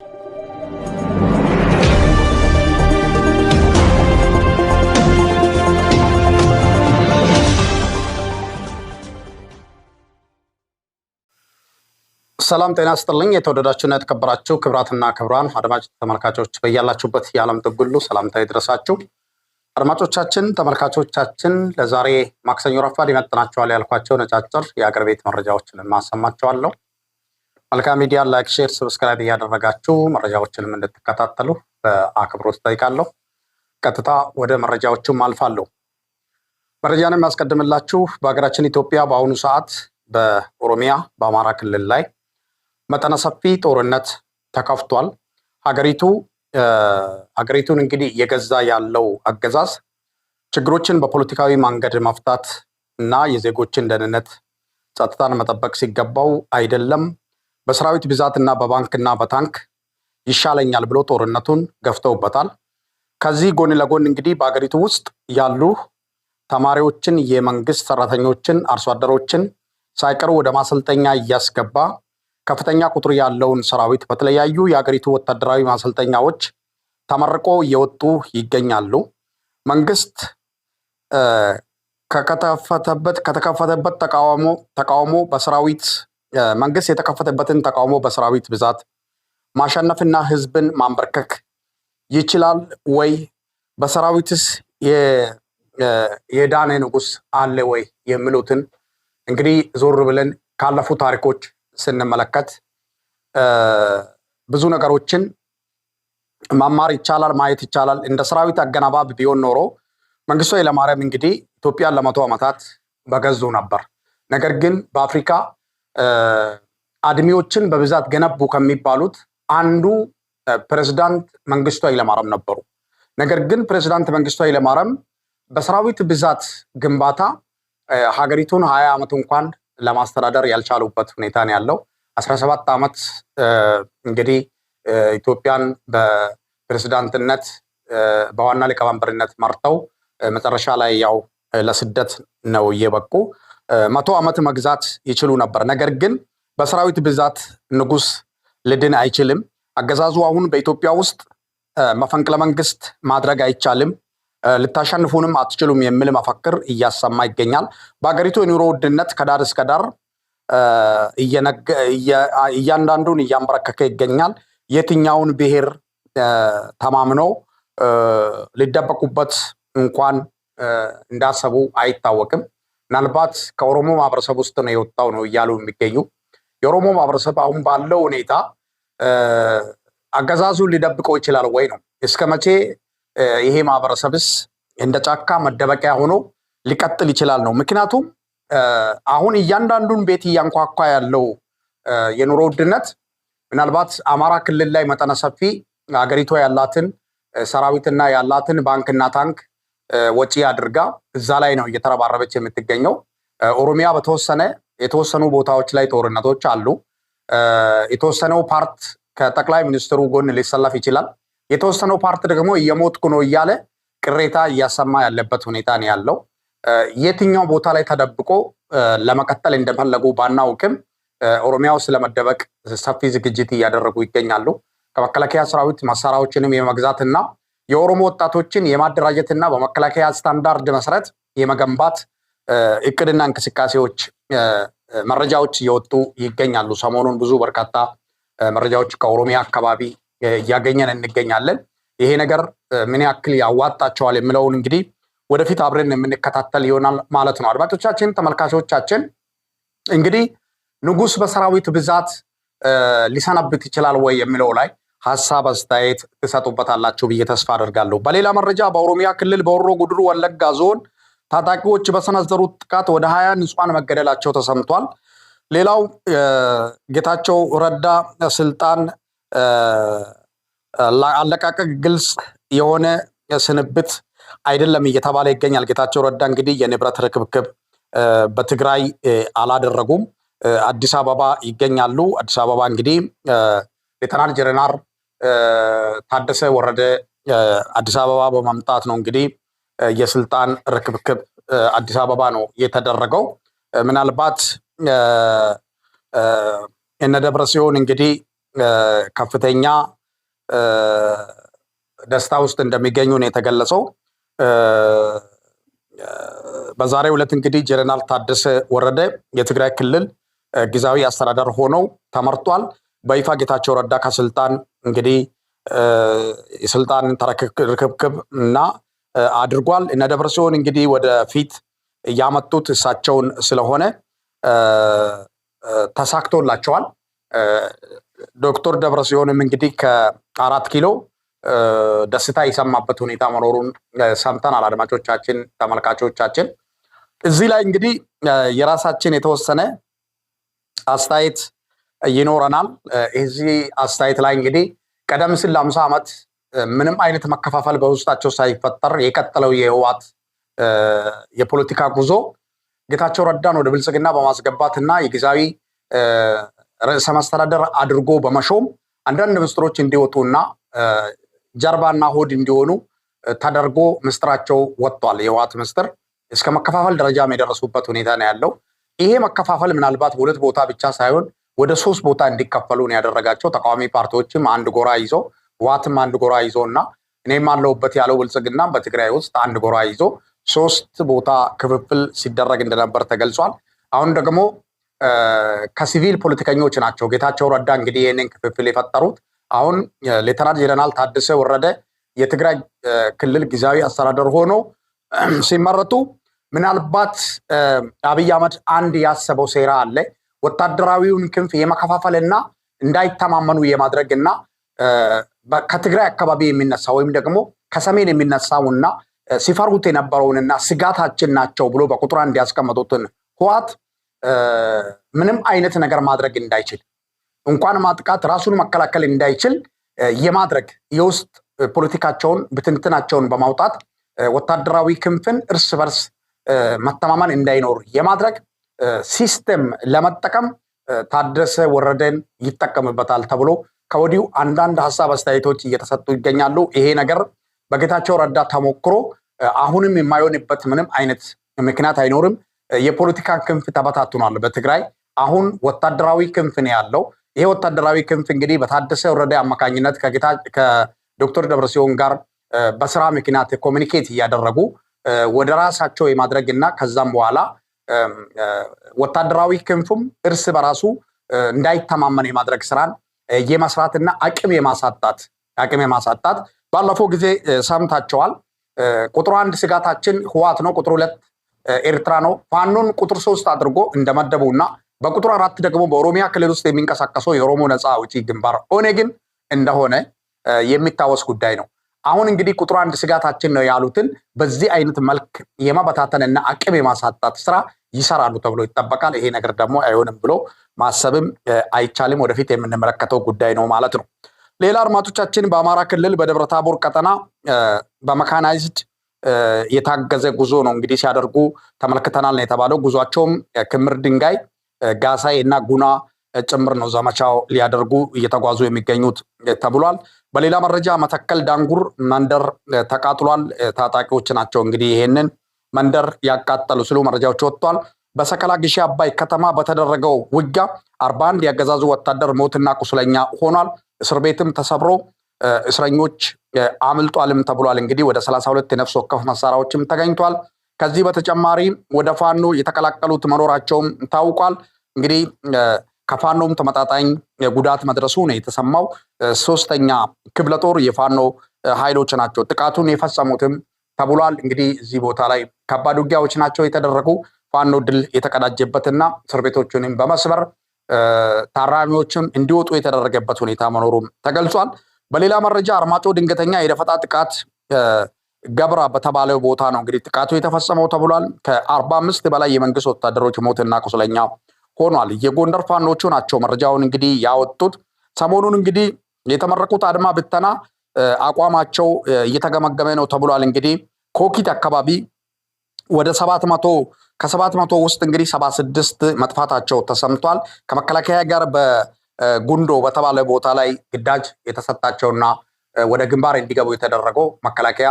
ሰላም ጤና ስጥልኝ። የተወደዳችሁና የተከበራችሁ ክብራትና ክብራን አድማጭ ተመልካቾች በያላችሁበት የዓለም ጥግ ሁሉ ሰላምታ ይድረሳችሁ። አድማጮቻችን፣ ተመልካቾቻችን ለዛሬ ማክሰኞ ረፋድ ይመጥናቸዋል ያልኳቸው ነጫጭር የአገር ቤት መረጃዎችን ማሰማችኋለሁ። መልካ ሚዲያ ላይክ፣ ሼር፣ ሰብስክራይብ እያደረጋችሁ መረጃዎችንም እንድትከታተሉ በአክብሮት ጠይቃለሁ። ቀጥታ ወደ መረጃዎቹም አልፋለሁ። መረጃን የሚያስቀድምላችሁ በሀገራችን ኢትዮጵያ በአሁኑ ሰዓት በኦሮሚያ በአማራ ክልል ላይ መጠነ ሰፊ ጦርነት ተከፍቷል። ሀገሪቱ ሀገሪቱን እንግዲህ እየገዛ ያለው አገዛዝ ችግሮችን በፖለቲካዊ መንገድ መፍታት እና የዜጎችን ደህንነት ጸጥታን መጠበቅ ሲገባው አይደለም በሰራዊት ብዛትና በባንክና በታንክ ይሻለኛል ብሎ ጦርነቱን ገፍተውበታል። ከዚህ ጎን ለጎን እንግዲህ በአገሪቱ ውስጥ ያሉ ተማሪዎችን፣ የመንግስት ሰራተኞችን፣ አርሶ አደሮችን ሳይቀሩ ወደ ማሰልጠኛ እያስገባ ከፍተኛ ቁጥር ያለውን ሰራዊት በተለያዩ የአገሪቱ ወታደራዊ ማሰልጠኛዎች ተመርቆ እየወጡ ይገኛሉ። መንግስት ከከተፈተበት ከተከፈተበት ተቃውሞ ተቃውሞ በሰራዊት መንግስት የተከፈተበትን ተቃውሞ በሰራዊት ብዛት ማሸነፍና ህዝብን ማንበርከክ ይችላል ወይ? በሰራዊትስ የዳኔ ንጉስ አለ ወይ? የሚሉትን እንግዲህ ዞር ብለን ካለፉ ታሪኮች ስንመለከት ብዙ ነገሮችን መማር ይቻላል፣ ማየት ይቻላል። እንደ ሰራዊት አገናባብ ቢሆን ኖሮ መንግስቱ ኃይለማርያም እንግዲህ ኢትዮጵያን ለመቶ ዓመታት በገዙ ነበር። ነገር ግን በአፍሪካ አድሚዎችን በብዛት ገነቡ ከሚባሉት አንዱ ፕሬዝዳንት መንግስቱ ኃይለማርያም ነበሩ። ነገር ግን ፕሬዝዳንት መንግስቱ ኃይለማርያም በሰራዊት ብዛት ግንባታ ሀገሪቱን ሀያ ዓመት እንኳን ለማስተዳደር ያልቻሉበት ሁኔታ ነው ያለው። አስራ ሰባት ዓመት እንግዲህ ኢትዮጵያን በፕሬዝዳንትነት በዋና ሊቀመንበርነት መርተው መጨረሻ ላይ ያው ለስደት ነው እየበቁ መቶ ዓመት መግዛት ይችሉ ነበር። ነገር ግን በሰራዊት ብዛት ንጉስ ልድን አይችልም። አገዛዙ አሁን በኢትዮጵያ ውስጥ መፈንቅለ መንግስት ማድረግ አይቻልም፣ ልታሸንፉንም አትችሉም የሚል መፈክር እያሰማ ይገኛል። በሀገሪቱ የኑሮ ውድነት ከዳር እስከ ዳር እያንዳንዱን እያንበረከከ ይገኛል። የትኛውን ብሔር ተማምኖ ሊደበቁበት እንኳን እንዳሰቡ አይታወቅም። ምናልባት ከኦሮሞ ማህበረሰብ ውስጥ ነው የወጣው ነው እያሉ የሚገኙ የኦሮሞ ማህበረሰብ አሁን ባለው ሁኔታ አገዛዙ ሊደብቀው ይችላል ወይ ነው እስከ መቼ ይሄ ማህበረሰብስ እንደ ጫካ መደበቂያ ሆኖ ሊቀጥል ይችላል ነው። ምክንያቱም አሁን እያንዳንዱን ቤት እያንኳኳ ያለው የኑሮ ውድነት ምናልባት አማራ ክልል ላይ መጠነ ሰፊ ሀገሪቷ ያላትን ሰራዊትና ያላትን ባንክና ታንክ ወጪ አድርጋ እዛ ላይ ነው እየተረባረበች የምትገኘው። ኦሮሚያ በተወሰነ የተወሰኑ ቦታዎች ላይ ጦርነቶች አሉ። የተወሰነው ፓርት ከጠቅላይ ሚኒስትሩ ጎን ሊሰለፍ ይችላል። የተወሰነው ፓርት ደግሞ እየሞትኩ ነው እያለ ቅሬታ እያሰማ ያለበት ሁኔታ ነው ያለው። የትኛው ቦታ ላይ ተደብቆ ለመቀጠል እንደፈለጉ ባናውቅም ኦሮሚያ ውስጥ ለመደበቅ ሰፊ ዝግጅት እያደረጉ ይገኛሉ። ከመከላከያ ሰራዊት መሳሪያዎችንም የመግዛትና የኦሮሞ ወጣቶችን የማደራጀትና በመከላከያ ስታንዳርድ መሰረት የመገንባት እቅድና እንቅስቃሴዎች መረጃዎች እየወጡ ይገኛሉ። ሰሞኑን ብዙ በርካታ መረጃዎች ከኦሮሚያ አካባቢ እያገኘን እንገኛለን። ይሄ ነገር ምን ያክል ያዋጣቸዋል የሚለውን እንግዲህ ወደፊት አብረን የምንከታተል ይሆናል ማለት ነው። አድማጮቻችን፣ ተመልካቾቻችን እንግዲህ ንጉስ በሰራዊት ብዛት ሊሰነብት ይችላል ወይ የሚለው ላይ ሀሳብ አስተያየት ትሰጡበታላችሁ ብዬ ተስፋ አደርጋለሁ። በሌላ መረጃ በኦሮሚያ ክልል በሆሮ ጉድሩ ወለጋ ዞን ታጣቂዎች በሰነዘሩት ጥቃት ወደ ሀያ ንጹሐን መገደላቸው ተሰምቷል። ሌላው ጌታቸው ረዳ ስልጣን አለቃቀቅ ግልጽ የሆነ ስንብት አይደለም እየተባለ ይገኛል። ጌታቸው ረዳ እንግዲህ የንብረት ርክብክብ በትግራይ አላደረጉም፣ አዲስ አበባ ይገኛሉ። አዲስ አበባ እንግዲህ ሌተናል ጀነራል ታደሰ ወረደ አዲስ አበባ በማምጣት ነው እንግዲህ የስልጣን ርክብክብ አዲስ አበባ ነው የተደረገው። ምናልባት እነ ደብረ ሲሆን እንግዲህ ከፍተኛ ደስታ ውስጥ እንደሚገኙ ነው የተገለጸው። በዛሬ ዕለት እንግዲህ ጀነራል ታደሰ ወረደ የትግራይ ክልል ጊዜያዊ አስተዳደር ሆነው ተመርጧል። በይፋ ጌታቸው ረዳ ከስልጣን እንግዲህ የስልጣን ተረክብክብ እና አድርጓል። እነ ሲሆን እንግዲህ ወደፊት እያመጡት እሳቸውን ስለሆነ ተሳክቶላቸዋል። ዶክተር ደብረ ሲሆንም እንግዲህ ከአራት ኪሎ ደስታ የሰማበት ሁኔታ መኖሩን ሰምተናል። አድማጮቻችን፣ ተመልካቾቻችን እዚህ ላይ እንግዲህ የራሳችን የተወሰነ አስተያየት ይኖረናል። እዚህ አስተያየት ላይ እንግዲህ ቀደም ሲል ለአምሳ ዓመት ምንም አይነት መከፋፈል በውስጣቸው ሳይፈጠር የቀጠለው የህወሓት የፖለቲካ ጉዞ ጌታቸው ረዳን ወደ ብልጽግና በማስገባት እና የጊዜያዊ ርዕሰ መስተዳደር አድርጎ በመሾም አንዳንድ ምስጢሮች እንዲወጡና ጀርባና ሆድ እንዲሆኑ ተደርጎ ምስጢራቸው ወጥቷል። የህወሓት ምስጢር እስከ መከፋፈል ደረጃም የደረሱበት ሁኔታ ነው ያለው። ይሄ መከፋፈል ምናልባት በሁለት ቦታ ብቻ ሳይሆን ወደ ሶስት ቦታ እንዲከፈሉ ነው ያደረጋቸው። ተቃዋሚ ፓርቲዎችም አንድ ጎራ ይዞ ህወሓትም አንድ ጎራ ይዞ እና እኔም አለሁበት ያለው ብልጽግና በትግራይ ውስጥ አንድ ጎራ ይዞ ሶስት ቦታ ክፍፍል ሲደረግ እንደነበር ተገልጿል። አሁን ደግሞ ከሲቪል ፖለቲከኞች ናቸው ጌታቸው ረዳ እንግዲህ ይህንን ክፍፍል የፈጠሩት። አሁን ሌተናል ጀነራል ታደሰ ወረደ የትግራይ ክልል ጊዜያዊ አስተዳደር ሆኖ ሲመረቱ ምናልባት አብይ አህመድ አንድ ያሰበው ሴራ አለ ወታደራዊውን ክንፍ የመከፋፈልና እንዳይተማመኑ የማድረግና ከትግራይ አካባቢ የሚነሳ ወይም ደግሞ ከሰሜን የሚነሳውና ሲፈሩት የነበረውንና ስጋታችን ናቸው ብሎ በቁጥር አንድ ያስቀመጡትን ህዋት ምንም አይነት ነገር ማድረግ እንዳይችል እንኳን ማጥቃት ራሱን መከላከል እንዳይችል የማድረግ የውስጥ ፖለቲካቸውን ብትንትናቸውን በማውጣት ወታደራዊ ክንፍን እርስ በርስ መተማመን እንዳይኖር የማድረግ ሲስተም ለመጠቀም ታደሰ ወረደን ይጠቀምበታል ተብሎ ከወዲሁ አንዳንድ ሀሳብ አስተያየቶች እየተሰጡ ይገኛሉ። ይሄ ነገር በጌታቸው ረዳ ተሞክሮ አሁንም የማይሆንበት ምንም አይነት ምክንያት አይኖርም። የፖለቲካ ክንፍ ተበታትኗል። በትግራይ አሁን ወታደራዊ ክንፍ ነው ያለው። ይሄ ወታደራዊ ክንፍ እንግዲህ በታደሰ ወረደ አማካኝነት ከዶክተር ደብረሲዮን ጋር በስራ ምክንያት ኮሚኒኬት እያደረጉ ወደ ራሳቸው የማድረግ እና ከዛም በኋላ ወታደራዊ ክንፉም እርስ በራሱ እንዳይተማመን የማድረግ ስራን የመስራትና አቅም የማሳጣት አቅም የማሳጣት ባለፈው ጊዜ ሰምታቸዋል። ቁጥር አንድ ስጋታችን ህዋት ነው፣ ቁጥር ሁለት ኤርትራ ነው። ፋኖን ቁጥር ሶስት አድርጎ እንደመደቡ እና በቁጥር አራት ደግሞ በኦሮሚያ ክልል ውስጥ የሚንቀሳቀሰው የኦሮሞ ነፃ አውጪ ግንባር ግን እንደሆነ የሚታወስ ጉዳይ ነው። አሁን እንግዲህ ቁጥር አንድ ስጋታችን ነው ያሉትን በዚህ አይነት መልክ የመበታተንና አቅም የማሳጣት ስራ ይሰራሉ ተብሎ ይጠበቃል። ይሄ ነገር ደግሞ አይሆንም ብሎ ማሰብም አይቻልም። ወደፊት የምንመለከተው ጉዳይ ነው ማለት ነው። ሌላ አድማጮቻችን፣ በአማራ ክልል በደብረታቦር ቀጠና በመካናይዝድ የታገዘ ጉዞ ነው እንግዲህ ሲያደርጉ ተመልክተናል ነው የተባለው። ጉዟቸውም ክምር ድንጋይ፣ ጋሳይ እና ጉና ጭምር ነው ዘመቻው ሊያደርጉ እየተጓዙ የሚገኙት ተብሏል። በሌላ መረጃ መተከል ዳንጉር መንደር ተቃጥሏል። ታጣቂዎች ናቸው እንግዲህ ይሄንን መንደር ያቃጠሉ ሲሉ መረጃዎች ወጥቷል። በሰከላ ግሺ አባይ ከተማ በተደረገው ውጊያ 41 የአገዛዙ ወታደር ሞትና ቁስለኛ ሆኗል። እስር ቤትም ተሰብሮ እስረኞች አምልጧልም ተብሏል። እንግዲህ ወደ 32 የነፍስ ወከፍ መሳሪያዎችም ተገኝቷል። ከዚህ በተጨማሪ ወደ ፋኖ የተቀላቀሉት መኖራቸውም ታውቋል። እንግዲህ ከፋኖም ተመጣጣኝ ጉዳት መድረሱ ነው የተሰማው። ሶስተኛ ክፍለ ጦር የፋኖ ኃይሎች ናቸው ጥቃቱን የፈጸሙትም ተብሏል። እንግዲህ እዚህ ቦታ ላይ ከባድ ውጊያዎች ናቸው የተደረጉ። ፋኖ ድል የተቀዳጀበትና እስር ቤቶቹንም በመስበር ታራሚዎችም እንዲወጡ የተደረገበት ሁኔታ መኖሩም ተገልጿል። በሌላ መረጃ አርማጮ ድንገተኛ የደፈጣ ጥቃት ገብራ በተባለው ቦታ ነው እንግዲህ ጥቃቱ የተፈጸመው ተብሏል። ከአርባ አምስት በላይ የመንግስት ወታደሮች ሞትና ቁስለኛ ሆኗል። የጎንደር ፋኖቹ ናቸው መረጃውን እንግዲህ ያወጡት። ሰሞኑን እንግዲህ የተመረቁት አድማ ብተና አቋማቸው እየተገመገመ ነው ተብሏል። እንግዲህ ኮኪት አካባቢ ወደ ሰባት መቶ ከሰባት መቶ ውስጥ እንግዲህ ሰባ ስድስት መጥፋታቸው ተሰምቷል። ከመከላከያ ጋር በጉንዶ በተባለ ቦታ ላይ ግዳጅ የተሰጣቸውና ወደ ግንባር እንዲገቡ የተደረገው መከላከያ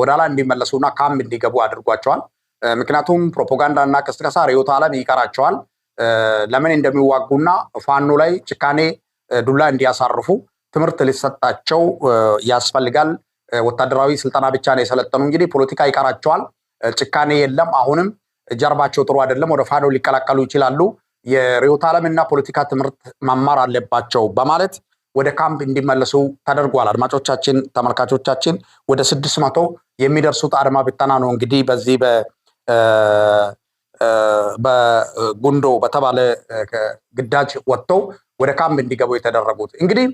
ወደ ኋላ እንዲመለሱና ካምፕ እንዲገቡ አድርጓቸዋል። ምክንያቱም ፕሮፓጋንዳ እና ቅስቀሳ ርዕዮተ ዓለም ይቀራቸዋል። ለምን እንደሚዋጉና ፋኖ ላይ ጭካኔ ዱላ እንዲያሳርፉ ትምህርት ሊሰጣቸው ያስፈልጋል። ወታደራዊ ስልጠና ብቻ ነው የሰለጠኑ እንግዲህ ፖለቲካ ይቀራቸዋል። ጭካኔ የለም። አሁንም ጀርባቸው ጥሩ አይደለም፣ ወደ ፋኖ ሊቀላቀሉ ይችላሉ፣ የርዕዮተ ዓለምና ፖለቲካ ትምህርት መማር አለባቸው በማለት ወደ ካምፕ እንዲመለሱ ተደርጓል። አድማጮቻችን፣ ተመልካቾቻችን ወደ ስድስት መቶ የሚደርሱት አድማ ብተና ነው እንግዲህ በዚህ በጉንዶ በተባለ ግዳጅ ወጥተው ወደ ካምፕ እንዲገቡ የተደረጉት። እንግዲህ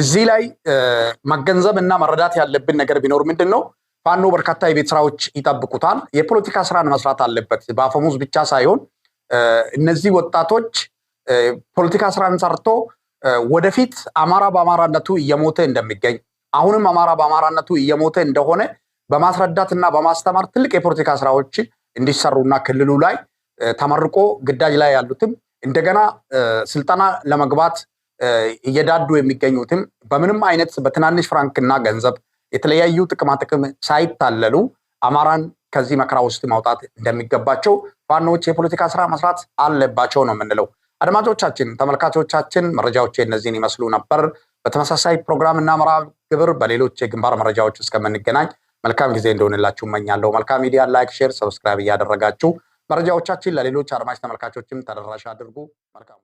እዚህ ላይ መገንዘብ እና መረዳት ያለብን ነገር ቢኖር ምንድን ነው ፋኖ በርካታ የቤት ስራዎች ይጠብቁታል። የፖለቲካ ስራን መስራት አለበት። በአፈሙዝ ብቻ ሳይሆን እነዚህ ወጣቶች ፖለቲካ ስራን ሰርቶ ወደፊት አማራ በአማራነቱ እየሞተ እንደሚገኝ አሁንም አማራ በአማራነቱ እየሞተ እንደሆነ በማስረዳት እና በማስተማር ትልቅ የፖለቲካ ስራዎች እንዲሰሩና ክልሉ ላይ ተመርቆ ግዳጅ ላይ ያሉትም እንደገና ስልጠና ለመግባት እየዳዱ የሚገኙትም በምንም አይነት በትናንሽ ፍራንክና ገንዘብ የተለያዩ ጥቅማጥቅም ሳይታለሉ አማራን ከዚህ መከራ ውስጥ ማውጣት እንደሚገባቸው ፋኖዎች የፖለቲካ ስራ መስራት አለባቸው ነው የምንለው። አድማጮቻችን፣ ተመልካቾቻችን መረጃዎች እነዚህን ይመስሉ ነበር። በተመሳሳይ ፕሮግራም እና መርሃ ግብር በሌሎች የግንባር መረጃዎች እስከምንገናኝ መልካም ጊዜ እንደሆንላችሁ እመኛለሁ። መልካም ሚዲያ ላይክ፣ ሼር፣ ሰብስክራይብ እያደረጋችሁ መረጃዎቻችን ለሌሎች አድማጭ ተመልካቾችም ተደራሽ አድርጉ። መልካም